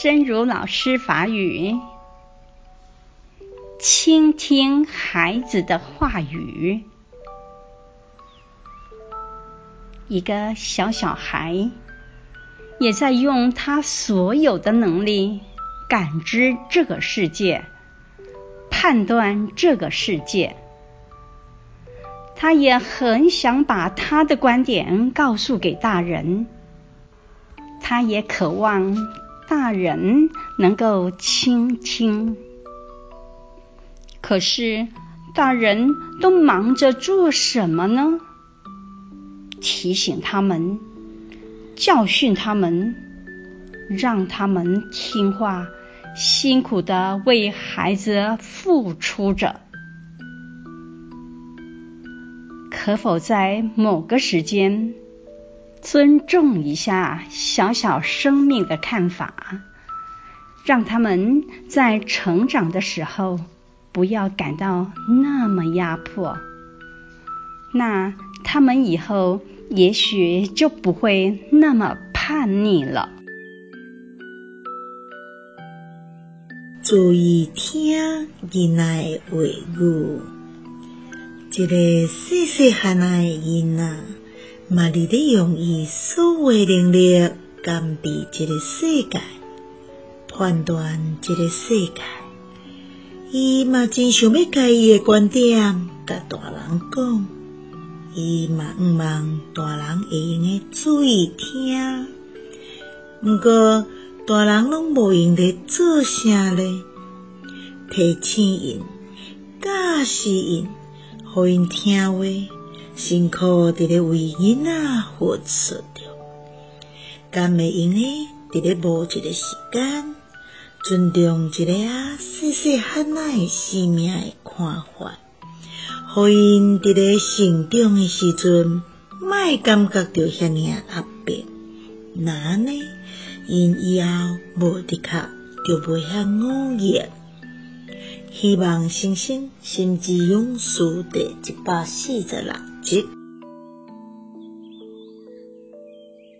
真如老師法語，傾聽孩子的話語。一個小小孩，也在用他所有的能力感知這個世界，判斷這個世界。他也很想把他的觀點告訴給大人，他也渴望。大人能夠傾聽，可是大人都忙着做什麼呢？提醒他們，教訓他們，讓他們聽話，辛苦地為孩子付出着。可否在某個時間，尊重一下小小生命的看法，讓他們在成長的時候不要感到那麼壓迫，那他們以後也許就不會那麼叛逆了。注意聽，來回顧，這個細細還能贏呢。嘛，你在用伊思維能力感知即個世界，判斷即個世界。伊嘛真想要開伊的觀點，甲大人講。伊嘛毋望，大人會用誒注意聽。毋過大人攏無用誒做啥咧？提醒因、教示因、互因聽話。辛苦佇咧為囡仔付出着，甘袂用咧佇咧無一個時間尊重一個啊細細漢仔生命誒看法，互因佇咧成長誒時陣，莫感覺着遐爾啊壓迫，那呢，因以後無的確就袂遐忤逆。希望新生心之勇士第一百四十六集。